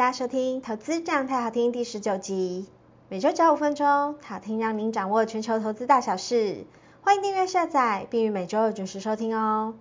大家收聽《投資這樣泰好聽》第十九集，每周只要五分鐘，好聽讓您掌握全球投資大小事。歡迎訂閱下載，並於每周二準時收聽哦。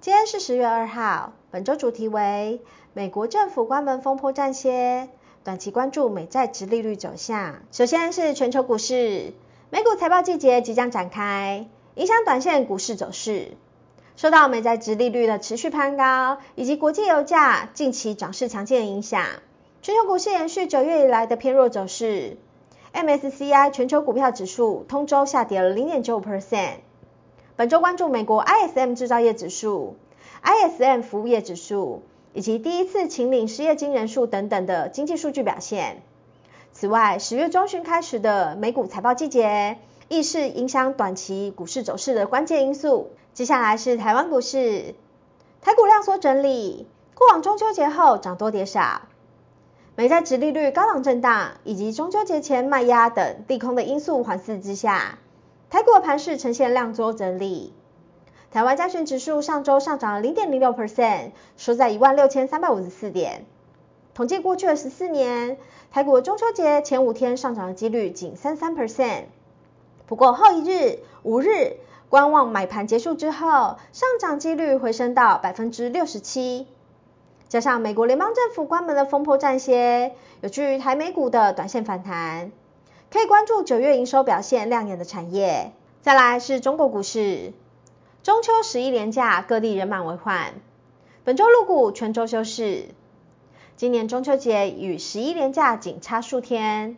今天是十月二號，本周主題為美國政府關門風波暫歇，短期關注美債殖利率走向。首先是全球股市，美股財報季節即將展開，影響短線股市走勢。受到美債殖利率的持續攀高，以及國際油價近期漲勢強勁影響，全球股市延續九月以來的偏弱走勢。MSCI 全球股票指數通週下跌了零點九五 percent。本周關注美國 ISM 製造業指數、ISM 服務業指數，以及第一次請領失業金人數等等的經濟數據表現。此外，十月中旬開始的美股財報季節。亦是影響短期股市走勢的關鍵因素。接下來是台灣股市，台股量縮整理。過往中秋節後漲多跌少，美債殖利率高檔震盪，以及中秋節前賣壓等利空的因素環伺之下，台股的盤勢呈現量縮整理。台灣加權指數上周上漲了零點零六 percent，收在一萬六千三百五十四點。統計過去的十四年，台股中秋節前五天上漲的幾率僅三三 percent。不過後一日五日觀望買盤結束之後，上漲幾率回升到百分之六十七，加上美國聯邦政府關門的風波暫歇，有助台美股的短線反彈，可以關注九月營收表現亮眼的產業。再來是中國股市，中秋十一連假各地人滿為患，本周陸股全周休市，今年中秋節與十一連假僅差數天，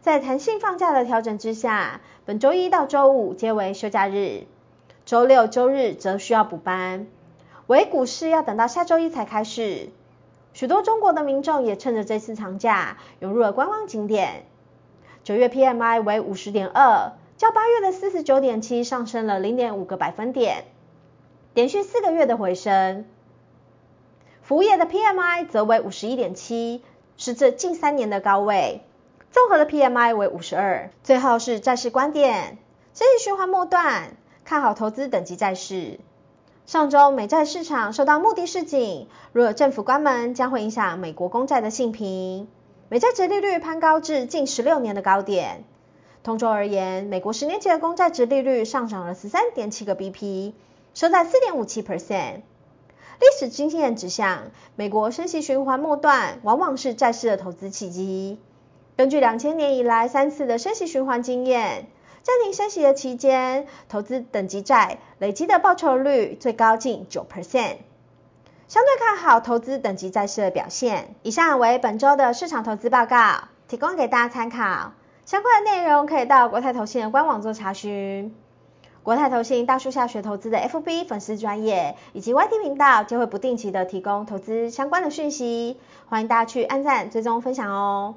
在彈性放假的調整之下。本週一到週五皆為休假日，週六、週日則需要補班。為股市要等到下週一才開始。許多中國的民眾也趁着這次長假湧入了觀光景點。九月 PMI 為五十點二，較八月的四十九點七上升了零點五個百分點，連續四個月的回升。服務業的 PMI 則為五十一點七，是這近三年的高位。綜合的 PMI 為五十二。最後是債市觀點，升息循環末段，看好投資等級債市。上周美債市場受到穆迪示警，如有政府關門將會影響美國公債的信評，美債殖利率攀高至近十六年的高點。同周而言，美國十年期的公債殖利率上漲了十三點七個 BP，收在四點五七 percent。歷史經驗指向，美國升息循環末段往往是債市的投資契機。根據兩千年以來三次的升息循環經驗，暫停升息的期間，投資等級債累積的報酬率最高近九 percent，相對看好投資等級債市的表現。以上為本周的市場投資報告，提供給大家參考。相關內容可以到國泰投信的官網做查詢。國泰投信大樹下學投資的 FB 粉絲專業以及 YT 頻道，將會不定期的提供投資相關的訊息，歡迎大家去按讚、追蹤、分享哦。